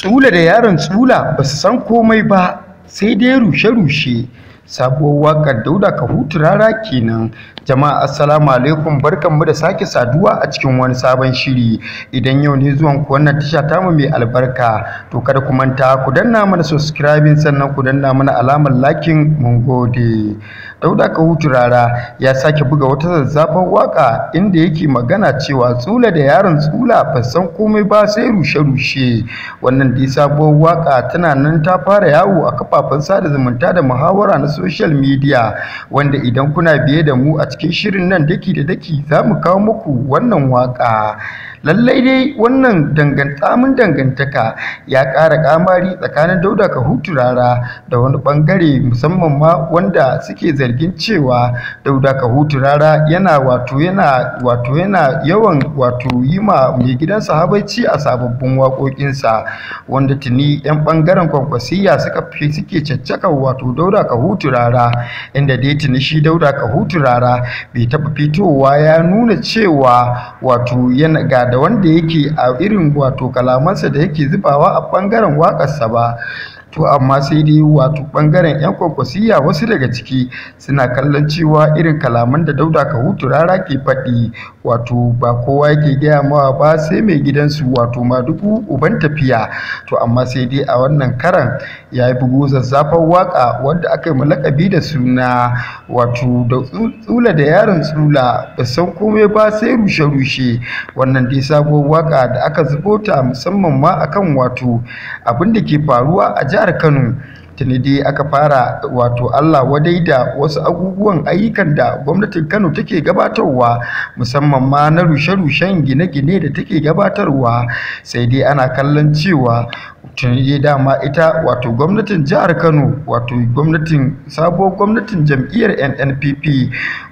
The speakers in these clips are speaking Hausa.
Tsula da yaron Tsula ba su san komai ba sai dai rushe-rushe sabuwar waƙar dauda ka hutu rara kenan jama'a assalamu alaikum barkanmu da sake saduwa a cikin wani sabon shiri idan yau ne zuwan ku wannan tasha ta mu mai albarka to kada ku manta ku danna mana subscribing sannan ku danna mana alamar lakin mun gode dauda ka hutu rara ya sake buga wata zazzafan waƙa inda yake magana cewa tsula da yaron tsula ban san komai ba sai rushe-rushe wannan dai sabuwar waƙa tana nan ta fara yawo a kafafen sada zumunta da muhawara na social media wanda idan kuna biye da mu a cikin shirin nan daki da daki za mu kawo muku wannan waka. lallai dai wannan tsamin dangantaka ya ƙara kamari tsakanin dauda kahutu rara da wani bangare musamman ma wanda suke zargin cewa dauda kahutu rara yana wato yana wato yana yawan wato yi ma mai gidan sahabaci a sababbin waƙoƙinsa wanda tuni 'yan bangaren kwakwasiya suka fi suke caccaka wato dauda kahutu rara inda dai tuni shi dauda kahutu rara bai taɓa fitowa ya nuna cewa wato yana da wanda yake a irin wato kalamansa da yake zubawa a ɓangaren waƙarsa ba to amma sai dai wato bangaren yan kwakwasiya wasu daga ciki suna kallon cewa irin kalaman da dauda ka hutu rara ke faɗi wato ba kowa yake gaya mawa ba sai mai gidansu wato ma duku uban tafiya to amma sai dai a wannan karan ya yi bugu zazzafan waka wanda aka yi malakabi da suna wato da tsula da yaron tsula da san komai ba sai rushe-rushe wannan dai sabuwar waka da aka zubo musamman ma akan wato abin da ke faruwa a jihar jihar Kano tuni dai aka fara wato Allah wadai da wasu abubuwan ayyukan da gwamnatin Kano take gabatarwa musamman ma na rushe-rushen gine-gine da take gabatarwa sai dai ana kallon cewa tuni dama ita wato gwamnatin jihar kano wato gwamnatin sabo gwamnatin jam'iyyar nnpp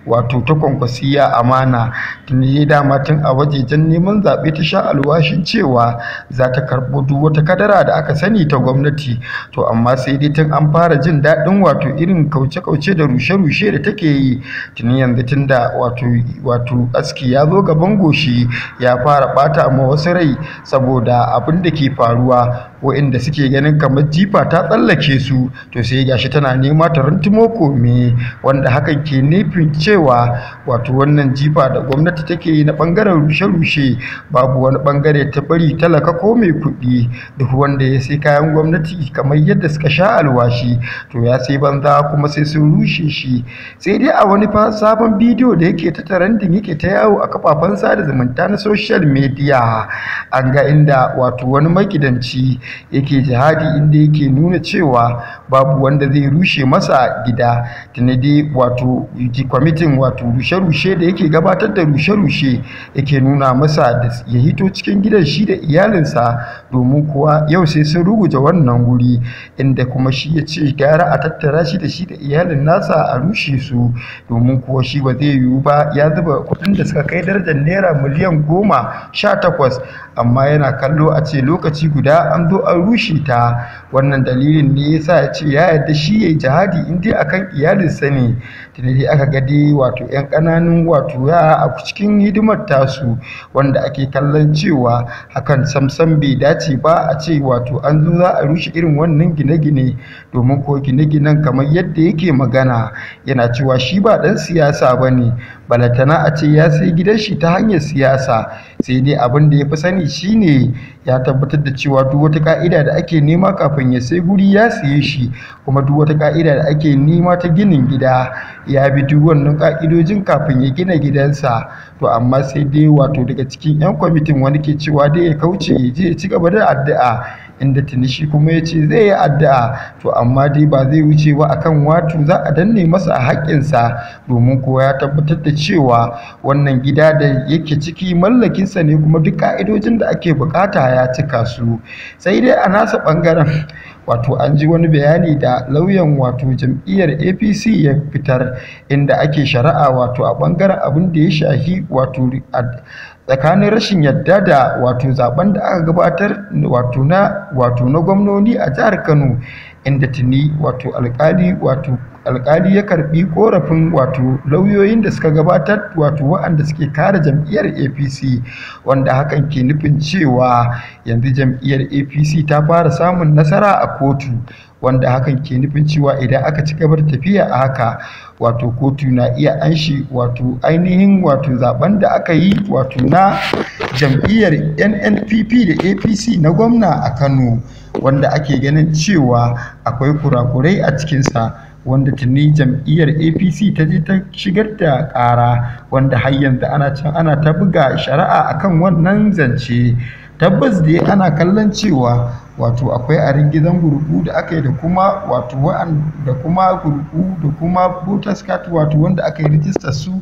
wato ta kwankwasiya amana tuni dama tun a wajejen neman zaɓe ta sha alwashin cewa za ta karɓo duk wata kadara da aka sani ta gwamnati to amma sai dai tun an fara jin daɗin wato irin kauce-kauce da rushe-rushe da take yi tuni yanzu tun da wato wato aski ya zo gaban goshi ya fara ɓata ma wasu rai saboda abin da ke faruwa wa'inda suke ganin kamar jifa ta tsallake su to sai gashi tana nema ta runtumo kome wanda hakan ke nufin cewa wato wannan jifa da gwamnati take yi na bangaren rushe-rushe babu wani bangare ta bari talaka ko mai kuɗi duk wanda ya sai kayan gwamnati kamar yadda suka sha alwashi to ya sai banza kuma sai sun rushe shi sai dai a wani sabon bidiyo da yake ta tarandin yake ta yawo a kafafen sada zumunta na social media an ga inda wato wani magidanci yake jihadi inda yake nuna cewa babu wanda zai rushe masa gida tunidi wato kwamitin wato rushe-rushe da yake gabatar da rushe-rushe yake nuna masa da ya hito cikin gidan shi da iyalinsa domin kuwa yau sai sun ruguje wannan wuri, inda kuma shi ya ce gara a tattara shi da shi da iyalin nasa a rushe su domin kuwa shi ba zai yiwu ba ya zuba kuɗin da suka kai darajar naira miliyan goma sha takwas amma yana kallo a ce lokaci guda an zo an rushe ta wannan dalilin ne ya sa ya ce ce ya yarda shi ya yi jihadi in dai akan iyalinsa ne da dai aka ga dai wato 'yan ƙananun wato yara a cikin hidimar tasu wanda ake kallon cewa hakan samsam bai dace ba a ce wato an zo za a rushe irin wannan gine-gine domin ko gine-ginen kamar yadda yake magana yana cewa shi ba ɗan siyasa ba ne balatana a ce ya sai gidan shi ta hanyar siyasa sai dai abin da ya fi sani shine ya tabbatar da cewa duk wata ka'ida da ake nema kafin ya sai guri ya siye shi kuma duk wata ka'ida da ake nema ta ginin gida ya bi duk wannan ka'idojin kafin ya gina gidansa to amma sai dai wato daga cikin 'yan kwamitin wani ke cewa dai ya kauce ya je ya ci gaba da addu'a inda tuni shi kuma ya ce zai yi addu'a to amma dai ba zai wuce ba akan watu za a danne masa a haƙƙinsa domin kuwa ya tabbatar da cewa wannan gida da yake ciki mallakinsa ne kuma duk ka'idojin da ake bukata ya cika su sai dai a nasa ɓangaren wato an ji wani bayani da lauyan wato jam'iyyar apc ya fitar inda ake shari'a wato a ɓangaren abin da ya shahi wato tsakanin rashin yadda da wato zaben da aka gabatar wato na wato na gwamnoni a jihar kano inda tuni wato alkali wato alkali ya karbi korafin wato lauyoyin da suka gabatar wato waɗanda suke kare jam'iyyar apc wanda hakan ke nufin cewa yanzu jam'iyyar apc ta fara samun nasara a kotu wanda hakan ke nufin cewa idan aka ci gaba da tafiya a haka wato kotu na iya anshi wato ainihin wato zaben da aka yi wato na jam'iyyar nnpp da apc na gwamna a kano wanda ake ganin cewa akwai kurakurai a cikinsa wanda tuni jam'iyyar apc ta je ta shigar da ƙara wanda har yanzu ana can ana ta buga shari'a akan wannan zance tabbas dai ana kallon cewa wato akwai a ringizan gurgu da aka yi da kuma wato da kuma gurgu da kuma voters card wato wanda aka yi rijistar su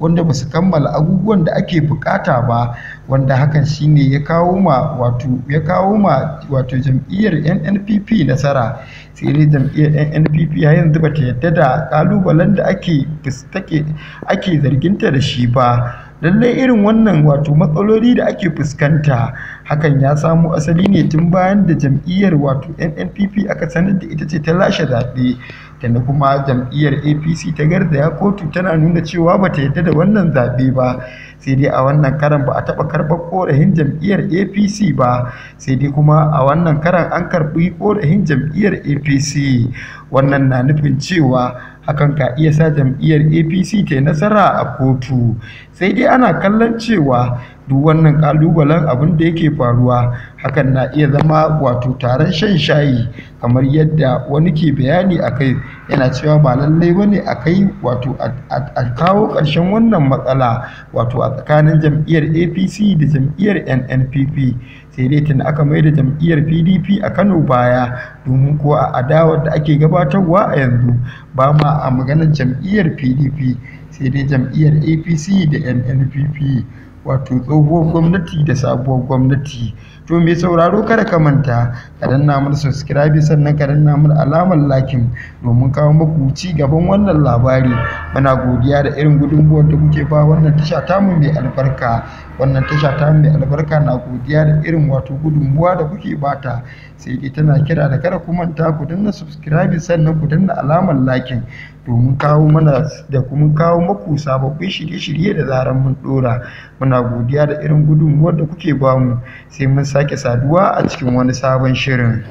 wanda ba su kammala abubuwan da ake bukata ba wanda hakan shine ya kawo ma wato ya kawo ma wato jam'iyyar NNPP nasara sai dai jam'iyyar NNPP ya yanzu bata yadda da kalubalen da ake fuskake ake zarginta da shi ba lallai irin wannan wato matsaloli da ake fuskanta hakan ya samo asali ne tun bayan da jam'iyyar wato NNPP aka sanar da ita ce ta lashe zaɓe Da na kuma jam'iyyar apc ta garzaya kotu tana nuna cewa ba ta yadda da wannan zaɓe ba sai dai a wannan karan ba a taɓa karɓar korahin jam'iyyar apc ba sai dai kuma a wannan karan an karɓi korahin jam'iyyar apc wannan na nufin cewa hakan ka iya sa jam'iyyar apc ta yi nasara a kotu sai dai ana kallon cewa duk wannan ƙalubalen abin da yake faruwa hakan na iya zama wato taron shan shayi kamar yadda wani ke bayani a kai yana cewa ba lallai ba ne a kai wato a kawo ƙarshen wannan matsala wato a tsakanin jam'iyyar apc da jam'iyyar nnpp sai dai tun aka mai da jam'iyyar pdp a kano baya domin ko a adawar da ake gabatarwa a yanzu ba ma a maganar jam'iyyar pdp sai dai jam'iyyar apc da nnpp wato tsohuwar gwamnati da sabuwar gwamnati to mai sauraro kada ka manta ka namun subscribe sannan ka danna alamar lakin domin kawo maku ci gaban wannan labari muna godiya da irin gudunmuwar da kuke ba wannan tasha mu mai albarka wannan tasha mu mai albarka na godiya da irin wato gudunmuwa da kuke bata sai dai tana kira da kada ku manta ku danna subscribe sannan ku danna alamar lakin domin kawo mana da kuma kawo maku sababbin shirye-shirye da zaran mun dora muna godiya da irin gudunmuwar da kuke bamu sai mun sake saduwa a cikin wani sabon shirin